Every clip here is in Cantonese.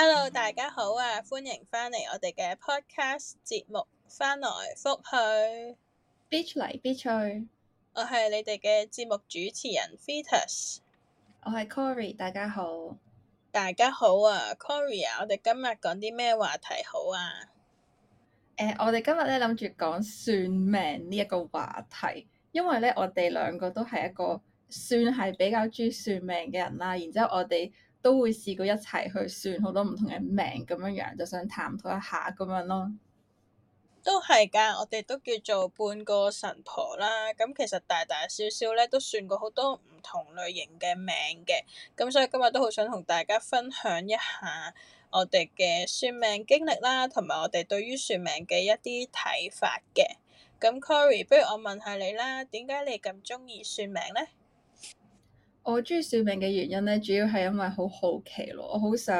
Hello，大家好啊！歡迎返嚟我哋嘅 Podcast 節目返來覆去，Beach 嚟 Beach 去。去我係你哋嘅節目主持人 Fetus，我係 Corey。大家好，大家好啊，Corey 啊！我哋今日講啲咩話題好啊？誒、呃，我哋今日咧諗住講算命呢一個話題，因為咧我哋兩個都係一個算係比較中意算命嘅人啦、啊，然之後我哋。都會試過一齊去算好多唔同嘅命咁樣樣，就想探討一下咁樣咯。都係噶，我哋都叫做半個神婆啦。咁其實大大少少咧，都算過好多唔同類型嘅命嘅。咁所以今日都好想同大家分享一下我哋嘅算命經歷啦，同埋我哋對於算命嘅一啲睇法嘅。咁 Cory，不如我問下你啦，點解你咁鍾意算命咧？我中意算命嘅原因咧，主要係因為好好奇咯。我好想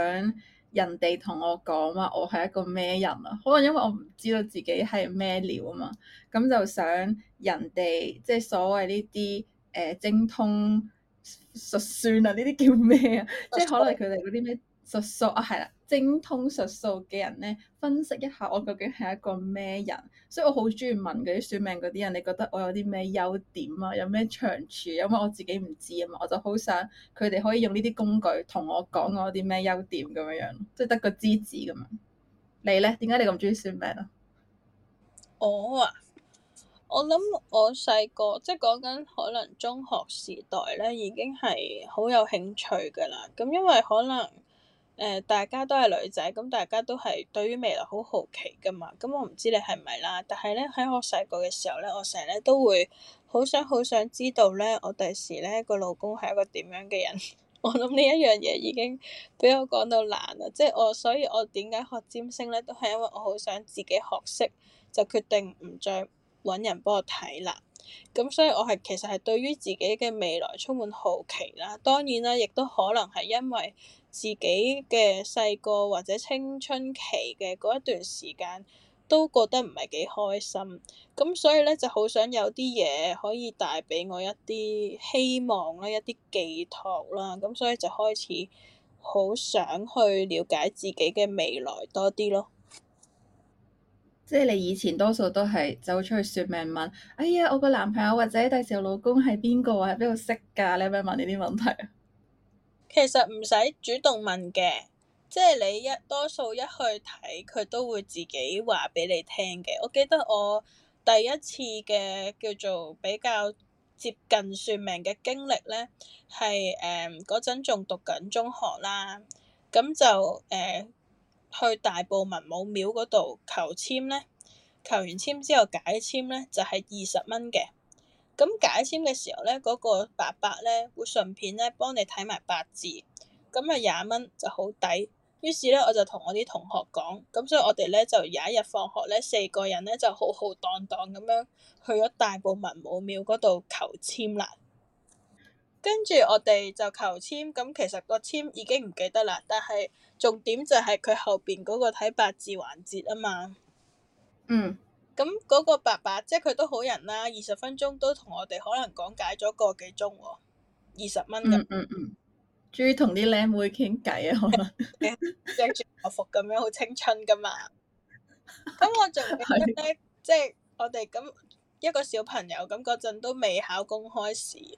人哋同我講話，我係一個咩人啊？可能因為我唔知道自己係咩料啊嘛，咁就想人哋即係所謂呢啲誒精通術算啊，呢啲叫咩啊？即係 可能佢哋嗰啲咩術數啊，係啦。精通術數嘅人咧，分析一下我究竟係一個咩人，所以我好中意問嗰啲算命嗰啲人，你覺得我有啲咩優點啊？有咩長處？因為我自己唔知啊嘛，我就好想佢哋可以用呢啲工具同我講我啲咩優點咁樣樣，即係得個知字咁樣。你咧點解你咁中意算命啊？我啊，我諗我細個即係講緊可能中學時代咧已經係好有興趣㗎啦。咁因為可能。誒、呃，大家都係女仔，咁大家都係對於未來好好奇噶嘛。咁、嗯、我唔知你係咪係啦，但係咧喺我細個嘅時候咧，我成日咧都會好想好想知道咧，我第時咧個老公係一個點樣嘅人。 我諗呢一樣嘢已經俾我講到難啦，即係我所以我點解學占星咧，都係因為我好想自己學識，就決定唔再揾人幫我睇啦。咁、嗯、所以我係其實係對於自己嘅未來充滿好奇啦。當然啦，亦都可能係因為。自己嘅細個或者青春期嘅嗰一段時間，都覺得唔係幾開心，咁所以咧就好想有啲嘢可以帶畀我一啲希望啦，一啲寄託啦，咁所以就開始好想去了解自己嘅未來多啲咯。即係你以前多數都係走出去算命問，哎呀，我個男朋友或者第時老公係邊個啊？喺邊度識㗎？你有咩問你啲問題？其實唔使主動問嘅，即係你一多數一去睇，佢都會自己話畀你聽嘅。我記得我第一次嘅叫做比較接近算命嘅經歷咧，係誒嗰陣仲讀緊中學啦，咁就誒、呃嗯、去大埔文武廟嗰度求籤咧，求完籤之後解籤咧就係二十蚊嘅。咁解籤嘅時候咧，嗰、那個伯伯咧會順便咧幫你睇埋八字，咁啊廿蚊就好抵。於是咧，我就同我啲同學講，咁所以我哋咧就有一日放學咧，四個人咧就浩浩蕩蕩咁樣去咗大埔文武廟嗰度求籤啦。跟住我哋就求籤，咁其實個籤已經唔記得啦，但係重點就係佢後邊嗰個睇八字環節啊嘛。嗯。咁嗰個爸爸，即係佢都好人啦、啊。二十分鐘都同我哋可能講解咗個幾鐘喎、哦，二十蚊。嗯嗯嗯。終於同啲靚妹傾偈啊，可能。 着住校服咁樣好青春噶嘛。咁我仲覺得咧， 的即係我哋咁一個小朋友咁嗰陣都未考公開試，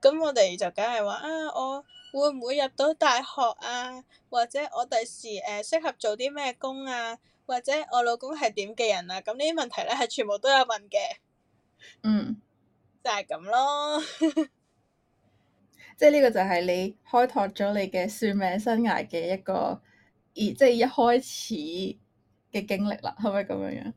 咁我哋就梗係話啊，我會唔會入到大學啊？或者我第時誒適合做啲咩工啊？或者我老公係點嘅人啊？咁呢啲問題咧係全部都有問嘅。嗯。就係咁咯。 即係呢個就係你開拓咗你嘅算命生涯嘅一個，而即係一開始嘅經歷啦，係咪咁樣樣？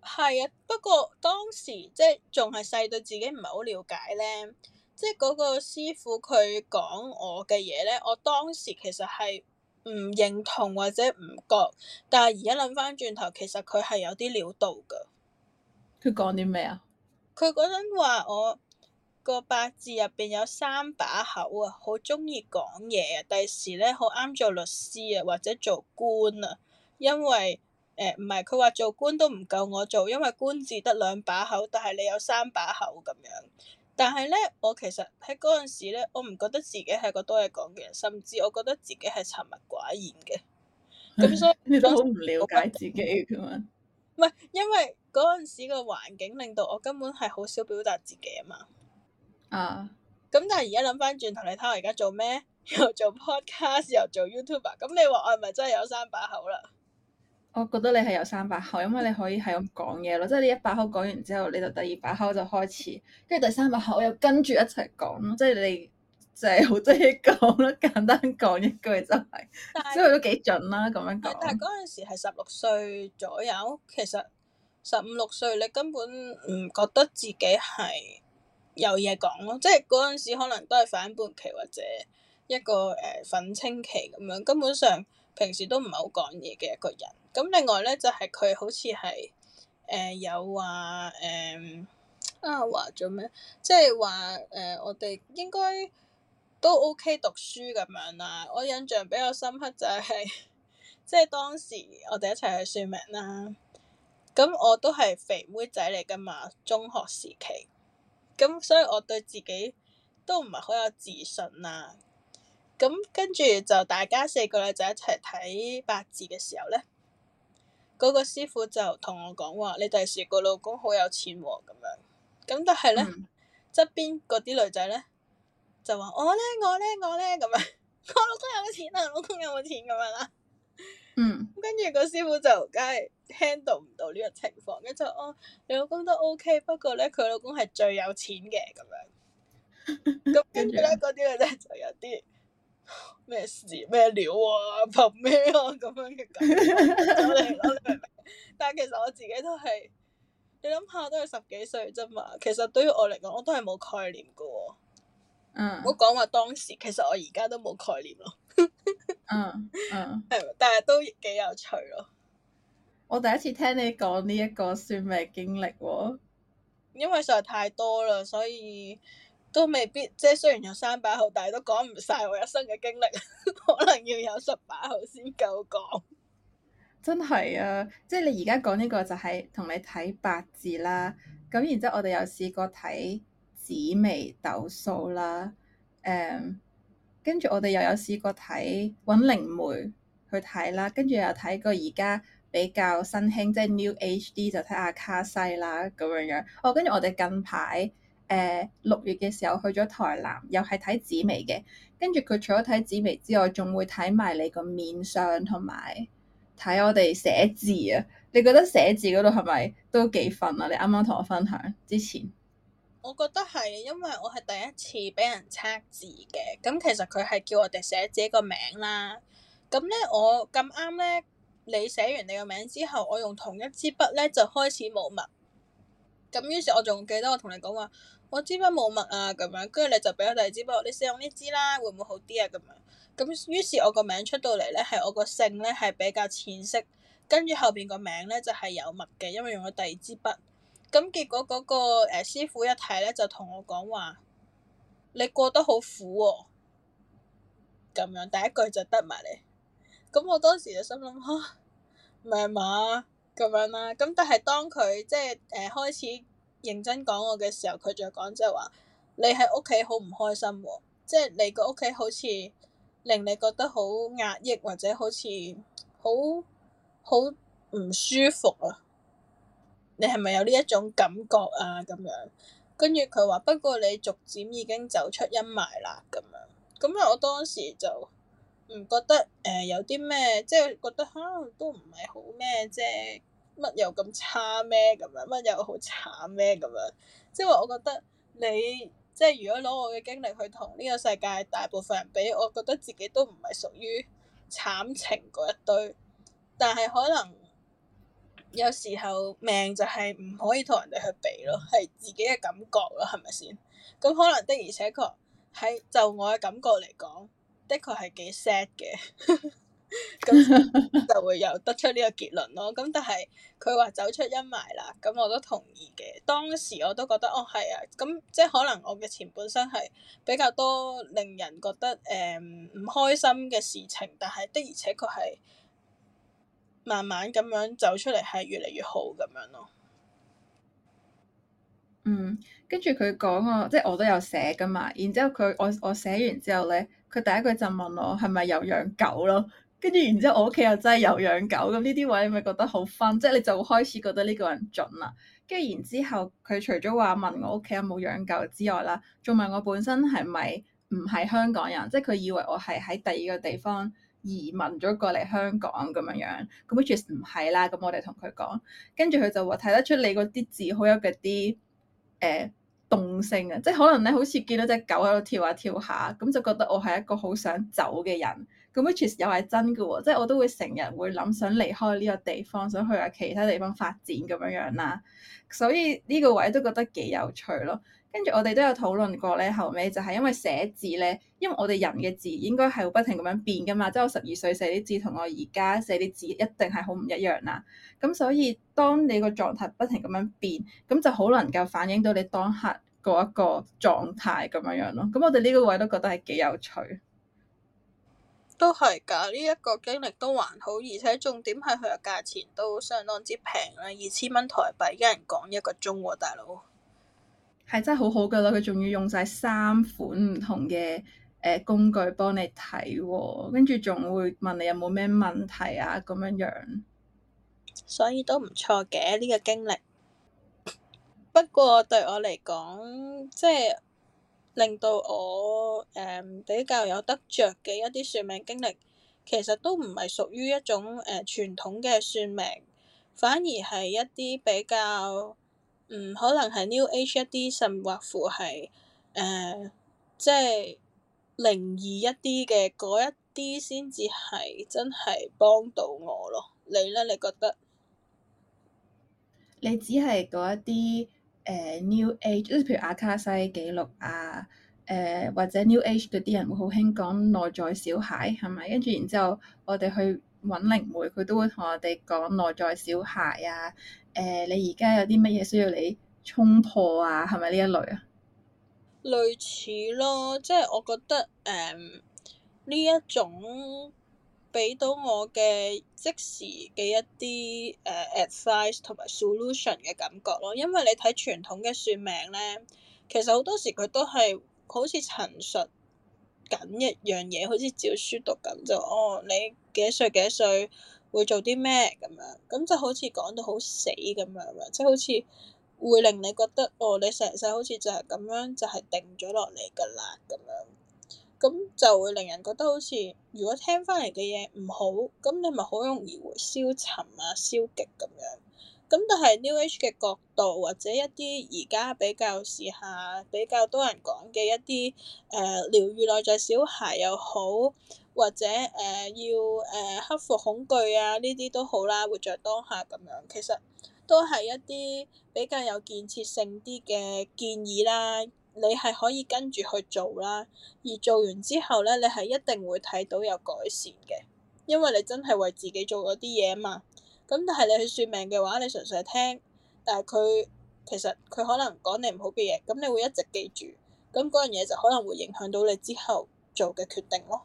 係啊，不過當時即係仲係細，對自己唔係好了解咧。即係嗰個師傅佢講我嘅嘢咧，我當時其實係，唔認同或者唔覺，但係而家諗返轉頭，其實佢係有啲料到噶。佢講啲咩啊？佢嗰陣話我個八字入邊有三把口啊，好中意講嘢啊，第時咧好啱做律師啊，或者做官啊，因為誒唔係，佢、呃、話做官都唔夠我做，因為官字得兩把口，但係你有三把口咁樣。但係咧，我其實喺嗰陣時咧，我唔覺得自己係個多嘢講嘅人，甚至我覺得自己係沉默寡言嘅。咁所以 你都好唔了解自己噶嘛？唔係，因為嗰陣時個環境令到我根本係好少表達自己啊嘛。啊！咁但係而家諗翻轉頭，你睇下而家做咩？又做 podcast，又做 YouTuber，咁你話我係咪真係有三把口啦？我覺得你係有三把口，因為你可以係咁講嘢咯。即係你一把口講完之後，你就第二把口就開始，跟住第三把口又跟住一齊講咯。即係你就係好多嘢講咯。簡單講一句就係、是，即係都幾準啦。咁樣講，但係嗰陣時係十六歲左右，其實十五六歲你根本唔覺得自己係有嘢講咯。即係嗰陣時可能都係反叛期或者一個誒、呃、憤青期咁樣，根本上平時都唔係好講嘢嘅一個人。咁另外咧，就係、是、佢好似係誒有話誒、嗯、啊話咗咩？即係話誒、呃，我哋應該都 OK 讀書咁樣啦。我印象比較深刻就係、是、即係當時我哋一齊去算命啦。咁我都係肥妹仔嚟噶嘛，中學時期咁，所以我對自己都唔係好有自信啦。咁跟住就大家四個女仔一齊睇八字嘅時候咧。嗰個師傅就同我講話，你第時個老公好有錢喎，啊、咁樣，咁但係咧，側邊嗰啲女仔咧就話我咧我咧我咧咁樣， 我老公有冇錢啊？老公有冇錢咁樣啦，嗯，跟住個師傅就梗係 handle 唔到呢個情況，跟住就，哦，你老公都 OK，不過咧佢老公係最有錢嘅咁樣，咁 跟住咧嗰啲女仔就有啲～咩事咩料啊？憑咩啊？咁樣嘅感覺嚟咯，你明唔明？但係其實我自己都係，你諗下都係十幾歲啫嘛。其實對於我嚟講，我都係冇概念噶。嗯。唔好講話當時，其實我而家都冇概念咯。嗯嗯。但係都幾有趣咯。我第一次聽你講呢一個算命經歷喎。因為實在太多啦，所以。都未必，即係雖然有三把口，但係都講唔晒。我一生嘅經歷，可能要有十把口先夠講。真係啊！即係你而家講呢個就係、是、同你睇八字啦，咁然之後我哋又試過睇紫微斗數啦，誒、嗯，跟住我哋又有試過睇搵靈媒去睇啦，跟住又睇過而家比較新興，即係 New HD 就睇阿卡西啦咁樣樣。哦，跟住我哋近排。誒六、uh, 月嘅時候去咗台南，又係睇紫微嘅。跟住佢除咗睇紫微之外，仲會睇埋你個面相，同埋睇我哋寫字啊！你覺得寫字嗰度係咪都幾煩啊？你啱啱同我分享之前，我覺得係，因為我係第一次俾人測字嘅。咁其實佢係叫我哋寫自己個名啦。咁咧，我咁啱咧，你寫完你個名之後，我用同一支筆咧就開始冇墨。咁於是，我仲記得我同你講話。我支筆冇墨啊，咁樣，跟住你就俾我第二支筆，你試用呢支啦，會唔會好啲啊？咁樣，咁於是我個名出到嚟咧，係我個姓咧係比較淺色，跟住後邊個名咧就係有墨嘅，因為用咗第二支筆。咁結果嗰、那個誒、呃、師傅一睇咧，就同我講話，你過得好苦喎、哦，咁樣第一句就得埋你。咁我當時就心諗吓，唔係嘛咁樣啦、啊。咁但係當佢即係誒、呃、開始。認真講我嘅時候，佢就講即係話，你喺屋企好唔開心喎、啊，即係你個屋企好似令你覺得好壓抑或者好似好好唔舒服啊，你係咪有呢一種感覺啊咁樣？跟住佢話，不過你逐漸已經走出陰霾啦咁樣，咁啊我當時就唔覺得誒、呃、有啲咩，即係覺得可能都唔係好咩啫。乜又咁差咩咁樣？乜又好慘咩咁樣？即係話我覺得你即係如果攞我嘅經歷去同呢個世界大部分人比，我覺得自己都唔係屬於慘情嗰一堆，但係可能有時候命就係唔可以同人哋去比咯，係自己嘅感覺咯，係咪先？咁可能的而且確喺就我嘅感覺嚟講，的確係幾 sad 嘅。 咁 就會又得出呢個結論咯。咁但係佢話走出陰霾啦，咁我都同意嘅。當時我都覺得哦，係啊。咁、嗯、即係可能我嘅前半生係比較多令人覺得誒唔、嗯、開心嘅事情，但係的而且確係慢慢咁樣走出嚟，係越嚟越好咁樣咯。嗯，跟住佢講啊，即係我都有寫噶嘛。然之後佢，我我寫完之後咧，佢第一句就問我係咪有養狗咯？跟住，然之後我屋企又真係有養狗，咁呢啲位咪覺得好分，即係你就會開始覺得呢個人準啦。跟住，然之後佢除咗話問我屋企有冇養狗之外啦，仲問我本身係咪唔係香港人，即係佢以為我係喺第二個地方移民咗過嚟香港咁樣樣。咁 which is 唔係啦，咁我哋同佢講，跟住佢就話睇得出你嗰啲字好有嗰啲誒動性啊，即係可能咧好似見到隻狗喺度跳下跳下，咁就覺得我係一個好想走嘅人。咁佢確實又係真嘅喎，即係我都會成日會諗想，想離開呢個地方，想去下其他地方發展咁樣樣啦。所以呢個位都覺得幾有趣咯。跟住我哋都有討論過咧，後尾就係因為寫字咧，因為我哋人嘅字應該係會不停咁樣變噶嘛。即係我十二歲寫啲字同我而家寫啲字一定係好唔一樣啦。咁所以當你個狀態不停咁樣變，咁就好能夠反映到你當刻嗰一個狀態咁樣樣咯。咁我哋呢個位都覺得係幾有趣。都係噶，呢、這、一個經歷都還好，而且重點係佢個價錢都相當之平啦，二千蚊台幣一人講一個鐘喎、啊，大佬係真係好好噶啦，佢仲要用晒三款唔同嘅誒、呃、工具幫你睇、啊，跟住仲會問你有冇咩問題啊咁樣樣，所以都唔錯嘅呢、這個經歷。 不過對我嚟講，即係。令到我、嗯、比較有得着嘅一啲算命經歷，其實都唔係屬於一種誒、呃、傳統嘅算命，反而係一啲比較，嗯，可能係 New Age 一啲，甚或乎係即係靈異一啲嘅嗰一啲先至係真係幫到我咯。你呢？你覺得？你只係嗰一啲。誒、uh, New Age，即係譬如阿卡西記錄啊，誒、uh, 或者 New Age 嗰啲人會好興講內在小孩係咪？跟住然之後，我哋去搵靈媒，佢都會同我哋講內在小孩啊。誒、uh，你而家有啲乜嘢需要你衝破啊？係咪呢一類啊？類似咯，即係我覺得誒呢、嗯、一種。俾到我嘅即時嘅一啲誒、uh, advice 同埋 solution 嘅感覺咯，因為你睇傳統嘅算命咧，其實好多時佢都係好似陳述緊一樣嘢，好似照書讀緊就哦你幾多歲幾多歲會做啲咩咁樣，咁就好似講到好死咁樣，即係好似會令你覺得哦你成世好似就係咁樣就係定咗落嚟噶啦咁樣。就是咁就會令人覺得好似，如果聽翻嚟嘅嘢唔好，咁你咪好容易會消沉啊、消極咁樣。咁但係 New Age 嘅角度，或者一啲而家比較時下比較多人講嘅一啲誒療癒內在小孩又好，或者誒、呃、要誒、呃、克服恐懼啊呢啲都好啦，活在當下咁樣，其實都係一啲比較有建設性啲嘅建議啦。你係可以跟住去做啦，而做完之後呢，你係一定會睇到有改善嘅，因為你真係為自己做咗啲嘢嘛。咁但係你去算命嘅話，你純粹聽，但係佢其實佢可能講你唔好嘅嘢，咁你會一直記住，咁嗰樣嘢就可能會影響到你之後做嘅決定咯。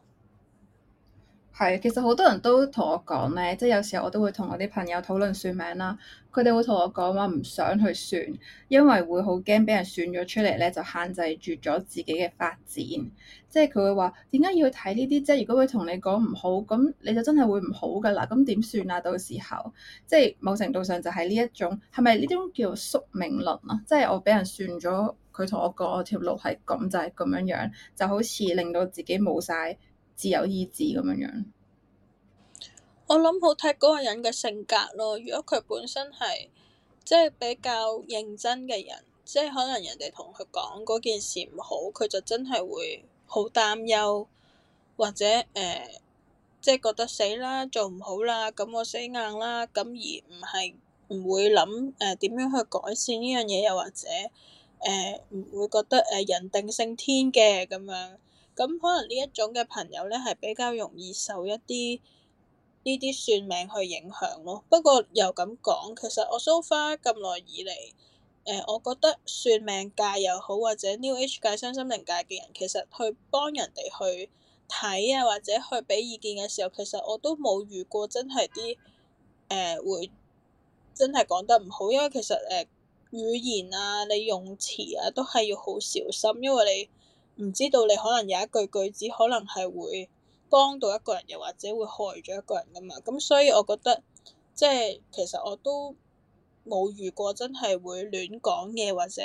係，其實好多人都同我講咧，即係有時候我都會同我啲朋友討論算命啦。佢哋會同我講話唔想去算，因為會好驚俾人算咗出嚟咧，就限制住咗自己嘅發展。即係佢會話點解要去睇呢啲啫？如果佢同你講唔好，咁你就真係會唔好噶啦。咁點算啊？到時候即係某程度上就係呢一種係咪呢種叫宿命論啊？即係我俾人算咗，佢同我講我條路係咁就係咁樣樣，就好似令到自己冇晒自由意志咁樣樣，我諗好睇嗰個人嘅性格咯。如果佢本身係即係比較認真嘅人，即、就、係、是、可能人哋同佢講嗰件事唔好，佢就真係會好擔憂，或者誒，即、呃、係、就是、覺得死啦，做唔好啦，咁我死硬啦，咁而唔係唔會諗誒點樣去改善呢樣嘢，又或者誒唔、呃、會覺得誒、呃、人定勝天嘅咁樣。咁可能呢一種嘅朋友咧，係比較容易受一啲呢啲算命去影響咯。不過又咁講，其實我 so far 咁耐以嚟，誒、呃，我覺得算命界又好或者 New Age 界、身心靈界嘅人，其實去幫人哋去睇啊，或者去俾意見嘅時候，其實我都冇遇過真係啲誒會真係講得唔好，因為其實誒、呃、語言啊、你用詞啊，都係要好小心，因為你。唔知道你可能有一句句子，可能係會幫到一個人，又或者會害咗一個人㗎嘛。咁所以我覺得，即係其實我都冇遇過真係會亂講嘢，或者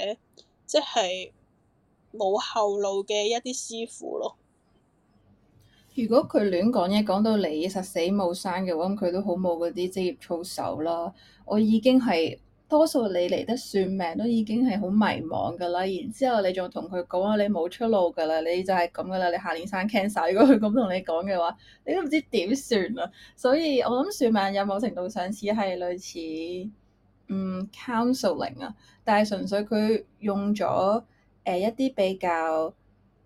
即係冇後路嘅一啲師傅咯。如果佢亂講嘢，講到你實死冇生嘅話，咁佢都好冇嗰啲職業操守啦。我已經係。多數你嚟得算命都已經係好迷茫㗎啦，然之後你仲同佢講啊，你冇出路㗎啦，你就係咁㗎啦，你下年生 Cancer 如果佢咁同你講嘅話，你都唔知點算啊！所以我諗算命有某程度上似係類似嗯 counseling 啊，但係純粹佢用咗誒、呃、一啲比較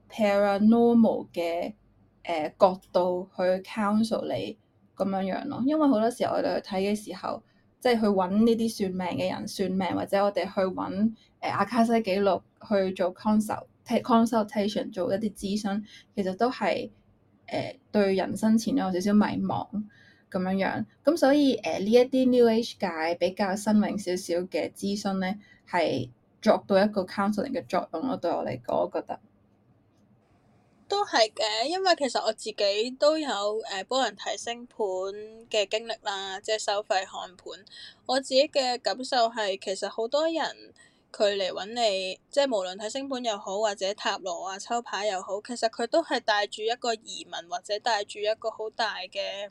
paranormal 嘅誒、呃、角度去 counsel 你咁樣樣咯，因為好多時候我哋去睇嘅時候。即係去揾呢啲算命嘅人算命，或者我哋去揾誒、呃、阿卡西記錄去做 cons consultation 做一啲諮詢，其實都係誒、呃、對人生前有少少迷茫咁樣樣。咁所以誒呢一啲 New Age 界比較新穎少少嘅諮詢咧，係作到一個 counseling 嘅作用咯。我對我嚟講，我覺得。都係嘅，因為其實我自己都有誒幫、呃、人睇星盤嘅經歷啦，即係收費看盤。我自己嘅感受係，其實好多人佢嚟揾你，即係無論睇星盤又好，或者塔羅啊、抽牌又好，其實佢都係帶住一個疑問，或者帶住一個好大嘅誒、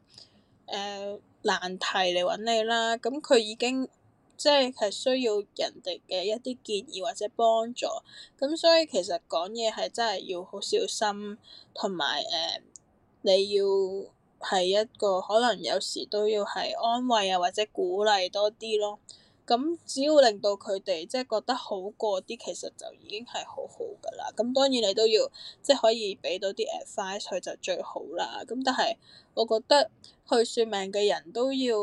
呃、難題嚟揾你啦。咁佢已經。即係需要人哋嘅一啲建議或者幫助，咁所以其實講嘢係真係要好小心，同埋誒你要係一個可能有時都要係安慰啊或者鼓勵多啲咯。咁只要令到佢哋即係覺得好過啲，其實就已經係好好噶啦。咁當然你都要即係、就是、可以畀到啲 advice 佢就最好啦。咁但係我覺得去算命嘅人都要。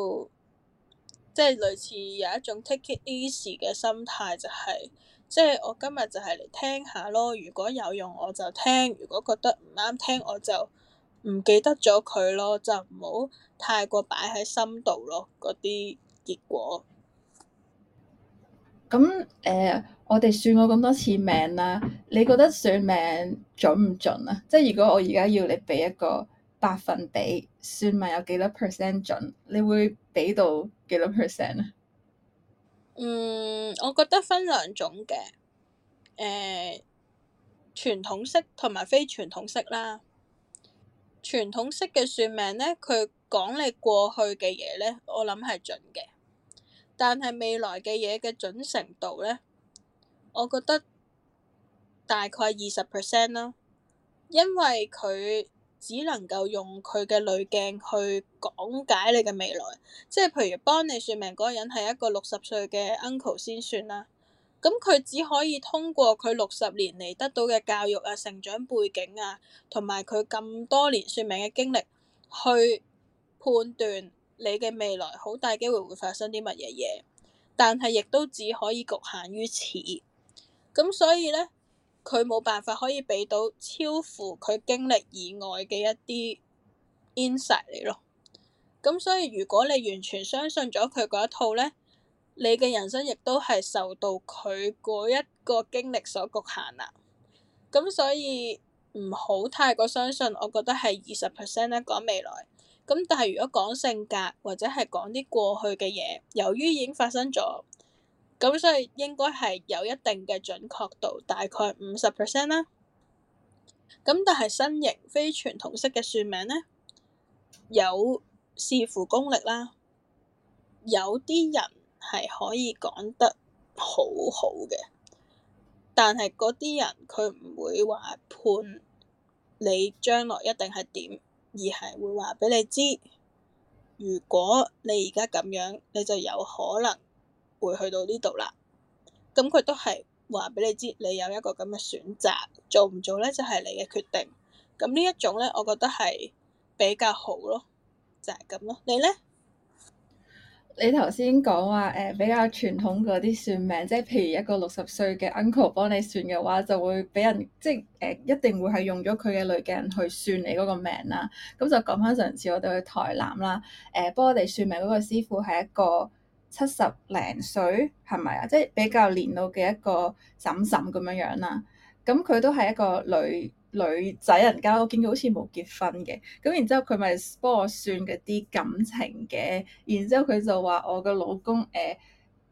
即係類似有一種 take it easy 嘅心態、就是，就係即係我今日就係嚟聽下咯。如果有用我就聽，如果覺得唔啱聽我就唔記得咗佢咯，就唔好太過擺喺心度咯。嗰啲結果咁誒、呃，我哋算過咁多次命啦，你覺得算命準唔準啊？即係如果我而家要你畀一個。百分比算命有幾多 percent 準？你會俾到幾多 percent 咧？嗯，我覺得分兩種嘅，誒、呃、傳統式同埋非傳統式啦。傳統式嘅算命咧，佢講你過去嘅嘢咧，我諗係準嘅。但係未來嘅嘢嘅準程度咧，我覺得大概二十 percent 啦，因為佢。只能夠用佢嘅濾鏡去講解你嘅未來，即係譬如幫你算命嗰個人係一個六十歲嘅 uncle 先算啦。咁佢只可以通過佢六十年嚟得到嘅教育啊、成長背景啊，同埋佢咁多年算命嘅經歷去判斷你嘅未來，好大機會會發生啲乜嘢嘢，但係亦都只可以局限於此。咁所以呢。佢冇辦法可以俾到超乎佢經歷以外嘅一啲 insight 你咯，咁所以如果你完全相信咗佢嗰一套呢，你嘅人生亦都係受到佢嗰一個經歷所局限喇。咁所以唔好太過相信，我覺得係二十 percent 咧講未來。咁但係如果講性格或者係講啲過去嘅嘢，由於已經發生咗。咁所以應該係有一定嘅準確度，大概五十 percent 啦。咁但係新型非傳統式嘅算命呢，有視乎功力啦，有啲人係可以講得好好嘅，但係嗰啲人佢唔會話判你將來一定係點，而係會話畀你知，如果你而家咁樣，你就有可能。會去到呢度啦，咁佢都係話俾你知，你有一個咁嘅選擇，做唔做呢？就係、是、你嘅決定。咁呢一種呢，我覺得係比較好咯，就係、是、咁咯。你呢？你頭先講話誒、呃、比較傳統嗰啲算命，即係譬如一個六十歲嘅 uncle 幫你算嘅話，就會俾人即係、呃、一定會係用咗佢嘅女嘅人去算你嗰個命啦。咁就講返上次我哋去台南啦，誒、呃、幫我哋算命嗰個師傅係一個。七十零歲係咪啊？即係比較年老嘅一個嬸嬸咁樣樣啦。咁佢都係一個女女仔人家，我見到好似冇結婚嘅。咁然之後佢咪幫我算嗰啲感情嘅。然之後佢就話我嘅老公誒、呃，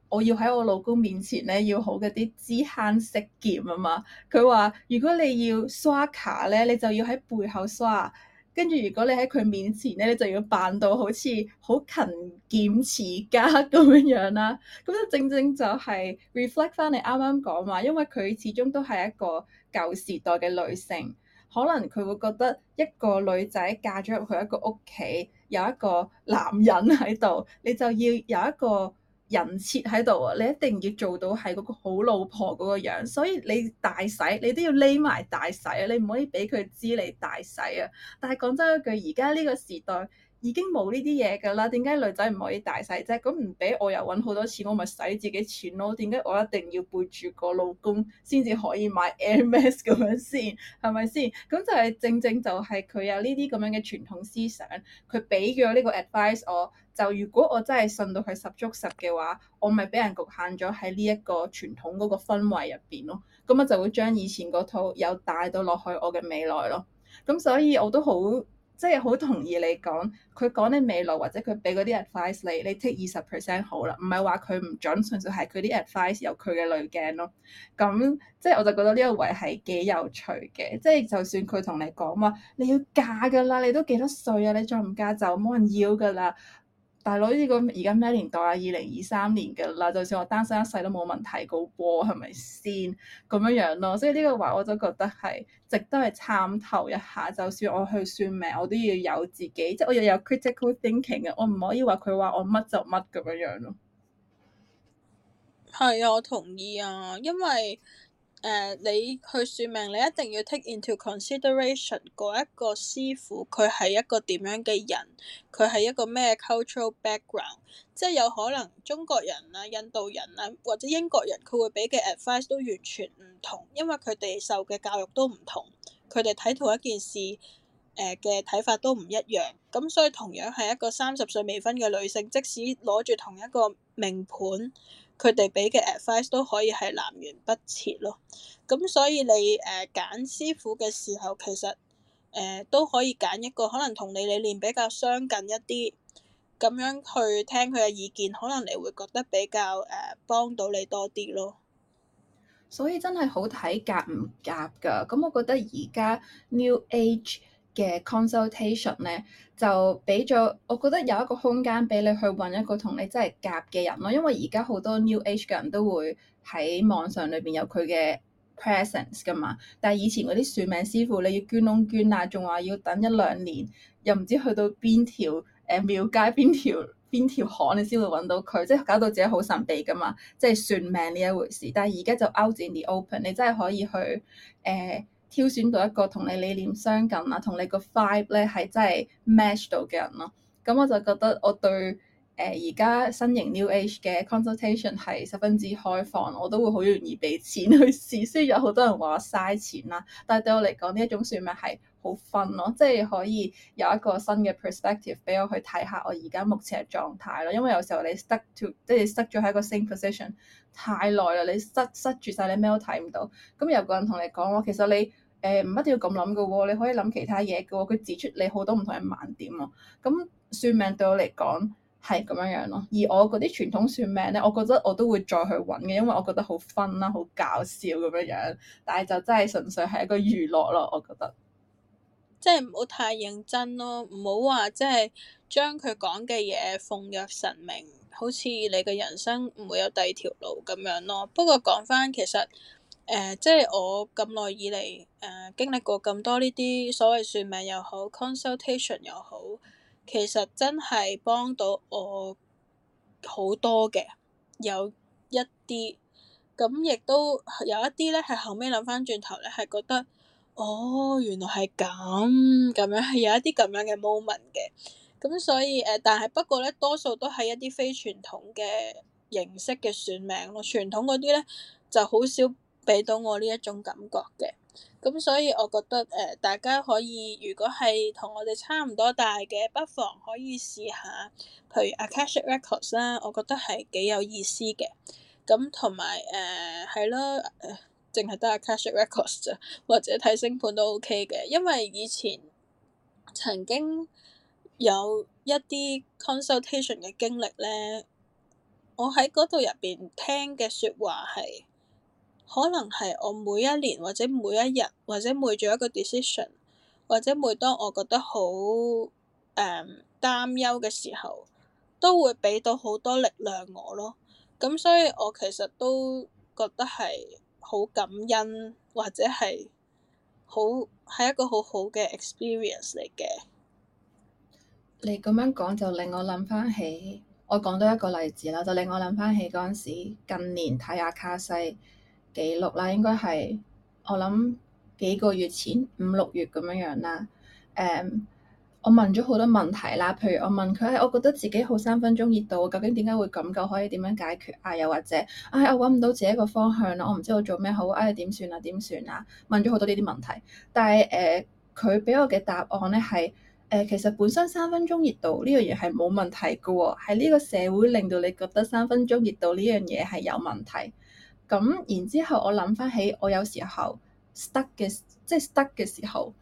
我要喺我老公面前咧，要好嗰啲知慳識儉啊嘛。佢話如果你要刷卡咧，你就要喺背後刷。跟住如果你喺佢面前咧，你就要扮到好似好勤儉持家咁樣樣、啊、啦。咁正正就係 reflect 翻你啱啱講話，因為佢始終都係一個舊時代嘅女性，可能佢會覺得一個女仔嫁咗入去一個屋企，有一個男人喺度，你就要有一個。人設喺度啊，你一定要做到係嗰個好老婆嗰個樣，所以你大使，你都要匿埋大使，啊，你唔可以俾佢知你大使。啊。但係講真一句，而家呢個時代，已經冇呢啲嘢㗎啦，點解女仔唔可以大細啫？咁唔俾我又揾好多錢，我咪使自己錢咯。點解我一定要背住個老公先至可以買 AirMax 咁樣先？係咪先？咁就係正正就係佢有呢啲咁樣嘅傳統思想，佢俾咗呢個 advice 我。就如果我真係信到佢十足十嘅話，我咪俾人局限咗喺呢一個傳統嗰個氛圍入邊咯。咁我就會將以前嗰套又帶到落去我嘅未來咯。咁所以我都好。即係好同意你講，佢講你未來或者佢俾嗰啲 advice 你，你 take 二十 percent 好啦，唔係話佢唔準，純粹係佢啲 advice 有佢嘅濾鏡咯。咁即係我就覺得呢一位係幾有趣嘅，即係就算佢同你講話你要嫁㗎啦，你都幾多歲啊？你再唔嫁就冇人要㗎啦。大佬呢個而家咩年代啊？二零二三年嘅啦，就算我單身一世都冇問題，高波係咪先咁樣樣咯？所以呢個話我都覺得係值得去參透一下。就算我去算命，我都要有自己，即係我要有 critical thinking 嘅，我唔可以話佢話我乜就乜咁樣樣咯。係啊，我同意啊，因為，誒，uh, 你去算命，你一定要 take into consideration 嗰一個師傅，佢係一個點樣嘅人，佢係一個咩 cultural background，即係有可能中國人啦、啊、印度人啦、啊、或者英國人，佢會俾嘅 advice 都完全唔同，因為佢哋受嘅教育都唔同，佢哋睇同一件事誒嘅睇法都唔一樣，咁所以同樣係一個三十歲未婚嘅女性，即使攞住同一個名盤。佢哋俾嘅 advice 都可以係南轅北轍咯，咁所以你誒揀、呃、師傅嘅時候，其實誒、呃、都可以揀一個可能同你理念比較相近一啲，咁樣去聽佢嘅意見，可能你會覺得比較誒、呃、幫到你多啲咯。所以真係好睇夾唔夾㗎，咁我覺得而家 New Age 嘅 consultation 咧，就俾咗我覺得有一個空間俾你去揾一個同你真係夾嘅人咯，因為而家好多 new age 嘅人都會喺網上裏邊有佢嘅 presence 噶嘛。但係以前嗰啲算命師傅，你要捐窿捐啊，仲話要等一兩年，又唔知去到邊條誒、呃、廟街、邊條邊條巷，你先會揾到佢，即係搞到自己好神秘噶嘛。即係算命呢一回事，但係而家就 out in the open，你真係可以去誒。呃挑選到一個同你理念相近啊，同你個 five 咧係真係 match 到嘅人咯、啊。咁、嗯、我就覺得我對誒而家新型 new age 嘅 consultation 係十分之開放，我都會好容易畀錢去試。雖然有好多人話我嘥錢啦、啊，但對我嚟講呢一種算命係。好分咯，即係可以有一個新嘅 perspective 俾我去睇下我而家目前嘅狀態咯。因為有時候你 stuck to，即係 stuck 咗喺一個 same position 太耐啦，你塞塞住晒，你咩都睇唔到。咁有個人同你講，我其實你誒唔、呃、一定要咁諗嘅喎，你可以諗其他嘢嘅喎。佢指出你好多唔同嘅盲點啊。咁算命對我嚟講係咁樣樣咯。而我嗰啲傳統算命咧，我覺得我都會再去揾嘅，因為我覺得好 fun 啦，好搞笑咁樣樣。但係就真係純粹係一個娛樂咯，我覺得。即係唔好太認真咯，唔好話即係將佢講嘅嘢奉若神明，好似你嘅人生唔會有第二條路咁樣咯。不過講返，其實，呃、即係我咁耐以嚟誒、呃、經歷過咁多呢啲所謂算命又好 consultation 又好，其實真係幫到我好多嘅，有一啲咁亦都有一啲呢，係後尾諗返轉頭呢，係覺得。哦，原來係咁，咁樣係有一啲咁樣嘅 moment 嘅，咁所以誒、呃，但係不過咧，多數都係一啲非傳統嘅形式嘅算命咯，傳統嗰啲咧就好少俾到我呢一種感覺嘅，咁所以我覺得誒、呃，大家可以如果係同我哋差唔多大嘅，不妨可以試下，譬如 Akashic Records 啦，我覺得係幾有意思嘅，咁同埋誒係咯。呃淨係得 Akashic Records 啫，或者睇星盤都 O K 嘅，因為以前曾經有一啲 consultation 嘅經歷咧，我喺嗰度入邊聽嘅說話係可能係我每一年或者每一日或者每做一個 decision，或者每當我覺得好誒擔憂嘅時候，都會俾到好多力量我咯。咁所以，我其實都覺得係。好感恩或者係好係一個好好嘅 experience 嚟嘅。你咁樣講就令我諗翻起，我講多一個例子啦，就令我諗翻起嗰陣時，近年睇阿卡西記錄啦，應該係我諗幾個月前，五六月咁樣樣啦，誒、um。我問咗好多問題啦，譬如我問佢、哎，我覺得自己好三分鐘熱度，究竟點解會咁？夠可以點樣解決啊？又或者，唉、哎，我揾唔到自己一個方向咯，我唔知我做咩好，唉、哎，點算啊？點算啊？問咗好多呢啲問題，但係誒，佢、呃、畀我嘅答案咧係誒，其實本身三分鐘熱度呢樣嘢係冇問題嘅喎，喺呢個社會令到你覺得三分鐘熱度呢樣嘢係有問題。咁然之後，我諗翻起我有時候 stuck 嘅，即、就、係、是、stuck 嘅時候。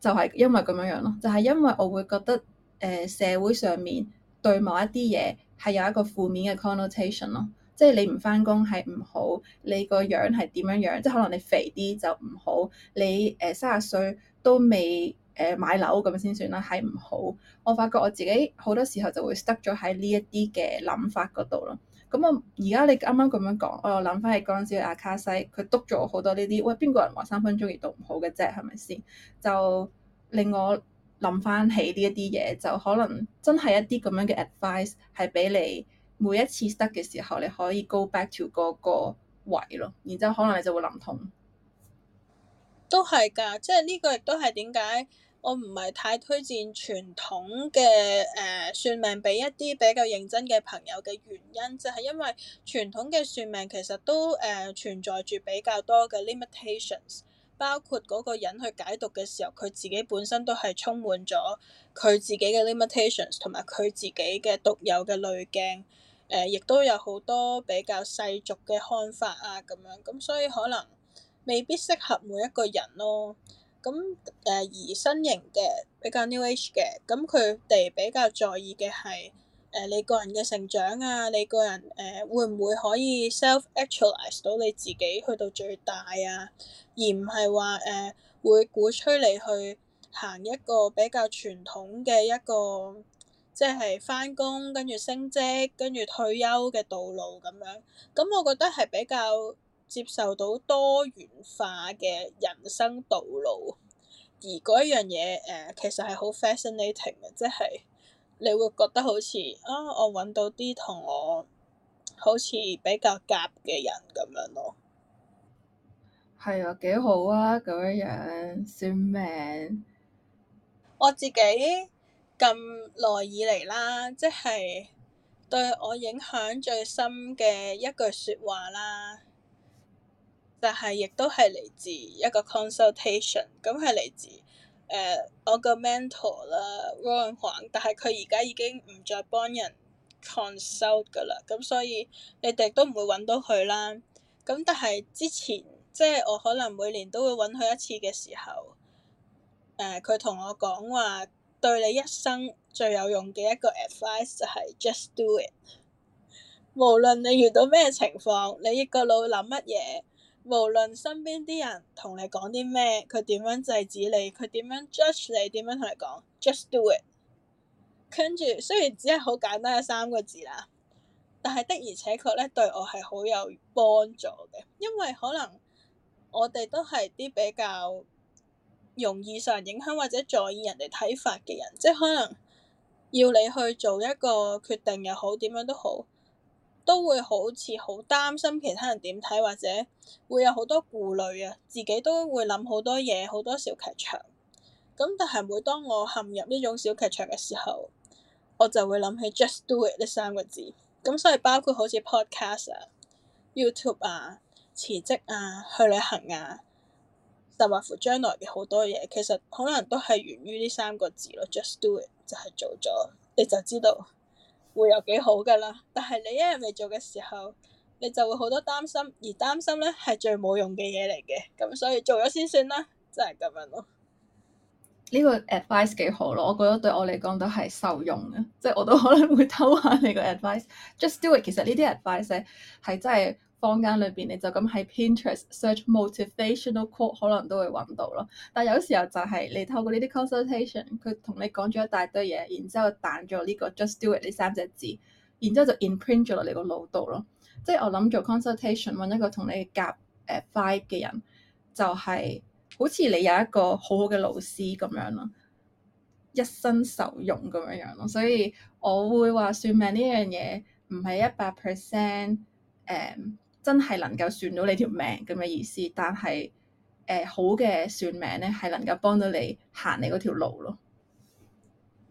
就係因為咁樣樣咯，就係、是、因為我會覺得，誒、呃、社會上面對某一啲嘢係有一個負面嘅 connotation 咯，即、就、係、是、你唔返工係唔好，你個樣係點樣樣，即、就、係、是、可能你肥啲就唔好，你誒三十歲都未誒、呃、買樓咁先算啦，係唔好。我發覺我自己好多時候就會 stuck 咗喺呢一啲嘅諗法嗰度咯。咁啊，而家、嗯、你啱啱咁樣講，我又諗翻起嗰陣時阿卡西佢督咗我好多呢啲，喂邊個人話三分鐘亦都唔好嘅啫，係咪先？就令我諗翻起呢一啲嘢，就可能真係一啲咁樣嘅 advice 係俾你每一次 stuck 嘅時候，你可以 go back to 嗰個位咯，然之後可能你就會諗通。都係㗎，即係呢個亦都係點解我唔係太推薦傳統嘅誒、呃、算命俾一啲比較認真嘅朋友嘅原因，就係、是、因為傳統嘅算命其實都誒、呃、存在住比較多嘅 limitations，包括嗰個人去解讀嘅時候，佢自己本身都係充滿咗佢自己嘅 limitations，同埋佢自己嘅獨有嘅濾鏡，亦、呃、都有好多比較世俗嘅看法啊咁樣，咁所以可能未必適合每一個人咯。咁誒而新型嘅比較 New Age 嘅，咁佢哋比較在意嘅係誒你個人嘅成長啊，你個人誒、呃、會唔會可以 self actualize 到你自己去到最大啊？而唔係話誒會鼓吹你去行一個比較傳統嘅一個即係返工跟住升職跟住退休嘅道路咁樣。咁我覺得係比較接受到多元化嘅人生道路，而嗰一樣嘢誒，其實係好 fascinating 嘅，即係你會覺得好似、哦、啊，我揾到啲同我好似比較夾嘅人咁樣咯。係啊，幾好啊！咁樣樣算命，我自己咁耐以嚟啦，即係對我影響最深嘅一句説話啦。但係，亦都係嚟自一個 consultation，咁係嚟自誒我個 mentor 啦，Ron Huang。但係佢而家已經唔再幫人 consult 噶啦，咁所以你哋都唔會揾到佢啦。咁但係之前即係、就是、我可能每年都會揾佢一次嘅時候，誒佢同我講話，對你一生最有用嘅一個 advice 就係 just do it。無論你遇到咩情況，你個腦諗乜嘢。無論身邊啲人同你講啲咩，佢點樣制止你，佢點樣 judge 你，點樣同你講，just do it。跟住雖然只係好簡單嘅三個字啦，但係的而且確咧對我係好有幫助嘅，因為可能我哋都係啲比較容易受人影響或者在意人哋睇法嘅人，即係可能要你去做一個決定又好，點樣都好。都會好似好擔心其他人點睇，或者會有好多顧慮啊！自己都會諗好多嘢，好多小劇場。咁但係每當我陷入呢種小劇場嘅時候，我就會諗起 just do it 呢三個字。咁所以包括好似 podcast 啊、YouTube 啊、辭職啊、去旅行啊，就話乎將來嘅好多嘢，其實可能都係源於呢三個字咯。Just do it 就係做咗，你就知道。會有幾好噶啦，但係你一日未做嘅時候，你就會好多擔心，而擔心咧係最冇用嘅嘢嚟嘅，咁所以做咗先算啦，真係咁樣咯。呢個 advice 幾好咯，我覺得對我嚟講都係受用嘅，即係我都可能會偷下你個 advice。Just do it，其實呢啲 advice 咧係真係。坊間裏邊，你就咁喺 Pinterest search motivational quote，可能都會揾到咯。但有時候就係、是、你透過呢啲 consultation，佢同你講咗一大堆嘢，然之後彈咗呢、這個 just do it 呢三隻字，然之後就 imprint 咗落你個腦度咯。即係我諗做 consultation 揾一個同你夾誒、uh, vibe 嘅人，就係、是、好似你有一個好好嘅老師咁樣咯，一生受用咁樣樣咯。所以我會話算命呢樣嘢唔係一百 percent 誒。Um, 真係能夠算到你條命咁嘅意思，但係誒、呃、好嘅算命咧，係能夠幫到你行你嗰條路咯。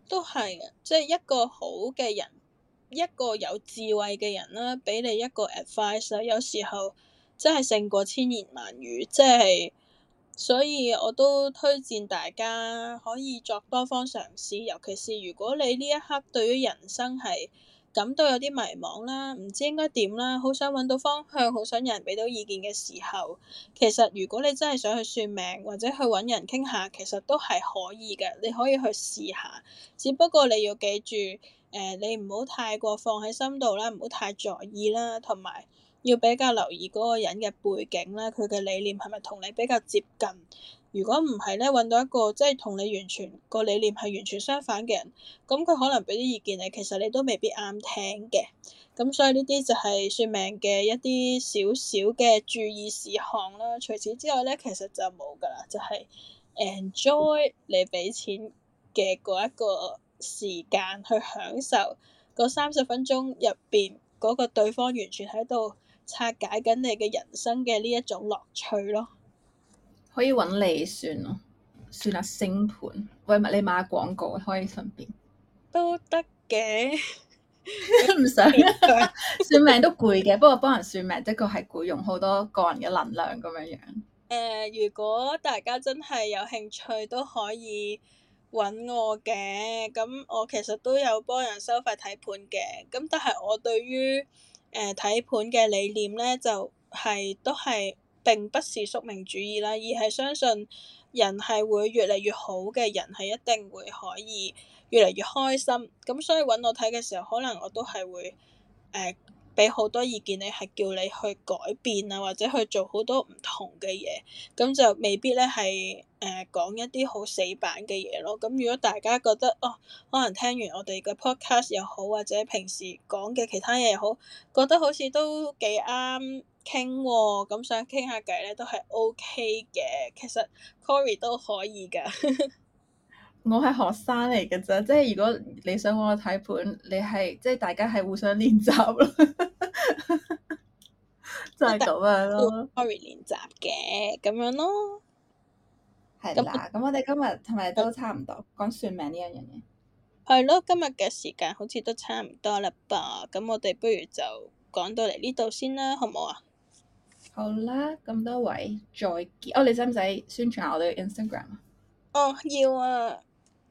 都係，即、就、係、是、一個好嘅人，一個有智慧嘅人啦，俾你一個 advice 啦，有時候真係勝過千言萬語，即係。所以我都推薦大家可以作多方嘗試，尤其是如果你呢一刻對於人生係，咁都有啲迷茫啦，唔知應該點啦，好想揾到方向，好想有人俾到意見嘅時候，其實如果你真係想去算命或者去揾人傾下，其實都係可以嘅，你可以去試下。只不過你要記住，呃，你唔好太過放喺心度啦，唔好太在意啦，同埋要比較留意嗰個人嘅背景啦，佢嘅理念係咪同你比較接近？如果唔係咧，揾到一個即係同你完全個理念係完全相反嘅人，咁佢可能俾啲意見你，其實你都未必啱聽嘅。咁所以呢啲就係算命嘅一啲少少嘅注意事項啦。除此之外咧，其實就冇噶啦，就係 enjoy 你畀錢嘅嗰一個時間去享受嗰三十分鐘入邊嗰個對方完全喺度拆解緊你嘅人生嘅呢一種樂趣咯。可以揾你算咯，算下星盤。喂，咪你買下廣告可以順便，都得嘅。唔 使、 啊、 算命都攰嘅，不過幫人算命即係佢係攰用好多個人嘅能量咁樣樣。誒、呃，如果大家真係有興趣都可以揾我嘅，咁我其實都有幫人收費睇盤嘅。咁但係我對於誒睇、呃、盤嘅理念咧，就係、是、都係。並不是宿命主義啦，而係相信人係會越嚟越好嘅，人係一定會可以越嚟越開心。咁所以揾我睇嘅時候，可能我都係會、呃、畀好多意見，你係叫你去改變啊，或者去做好多唔同嘅嘢。咁就未必呢係誒講一啲好死板嘅嘢咯。咁如果大家覺得哦，可能聽完我哋嘅 podcast 又好，或者平時講嘅其他嘢又好，覺得好似都幾啱。傾喎，咁想傾下偈咧，都係 OK 嘅。其實 Cory 都可以噶。 我係學生嚟嘅啫，即係如果你想我睇盤，你係即係大家係互相練習咯， 就係咁樣咯。Cory 練習嘅咁樣咯，係啦。咁那我哋今日同埋都差唔多講那算命呢樣嘢。係咯，今日嘅時間好似都差唔多啦噃。咁我哋不如就講到嚟呢度先啦，好唔好啊？好啦，咁多位再見。哦，你使唔使宣傳我哋 Instagram 啊？哦，要啊！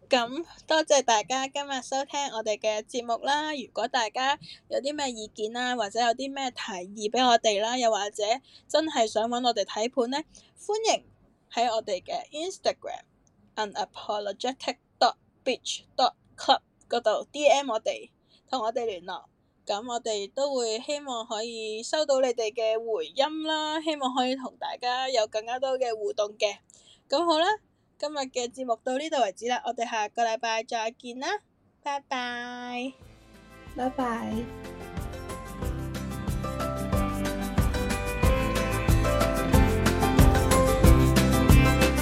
咁多謝大家今日收聽我哋嘅節目啦。如果大家有啲咩意見啦，或者有啲咩提議俾我哋啦，又或者真係想揾我哋睇盤呢，歡迎喺我哋嘅 Instagram unapologetic.beach.club 度 DM 我哋，同我哋聯絡。咁我哋都會希望可以收到你哋嘅回音啦，希望可以同大家有更加多嘅互動嘅。咁好啦，今日嘅節目到呢度為止啦，我哋下個禮拜再見啦，拜拜，拜拜。